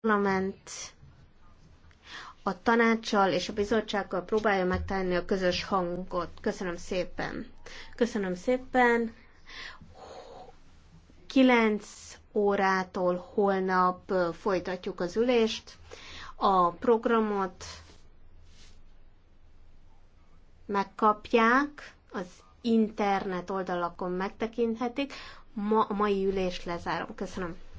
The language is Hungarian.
parlament a tanácssal és a bizottsággal próbálja megtalálni a közös hangot. Köszönöm szépen. Köszönöm szépen. 9 órától holnap folytatjuk az ülést. A programot megkapják, az internet oldalakon megtekinthetik. Ma a mai ülést lezárom. Köszönöm.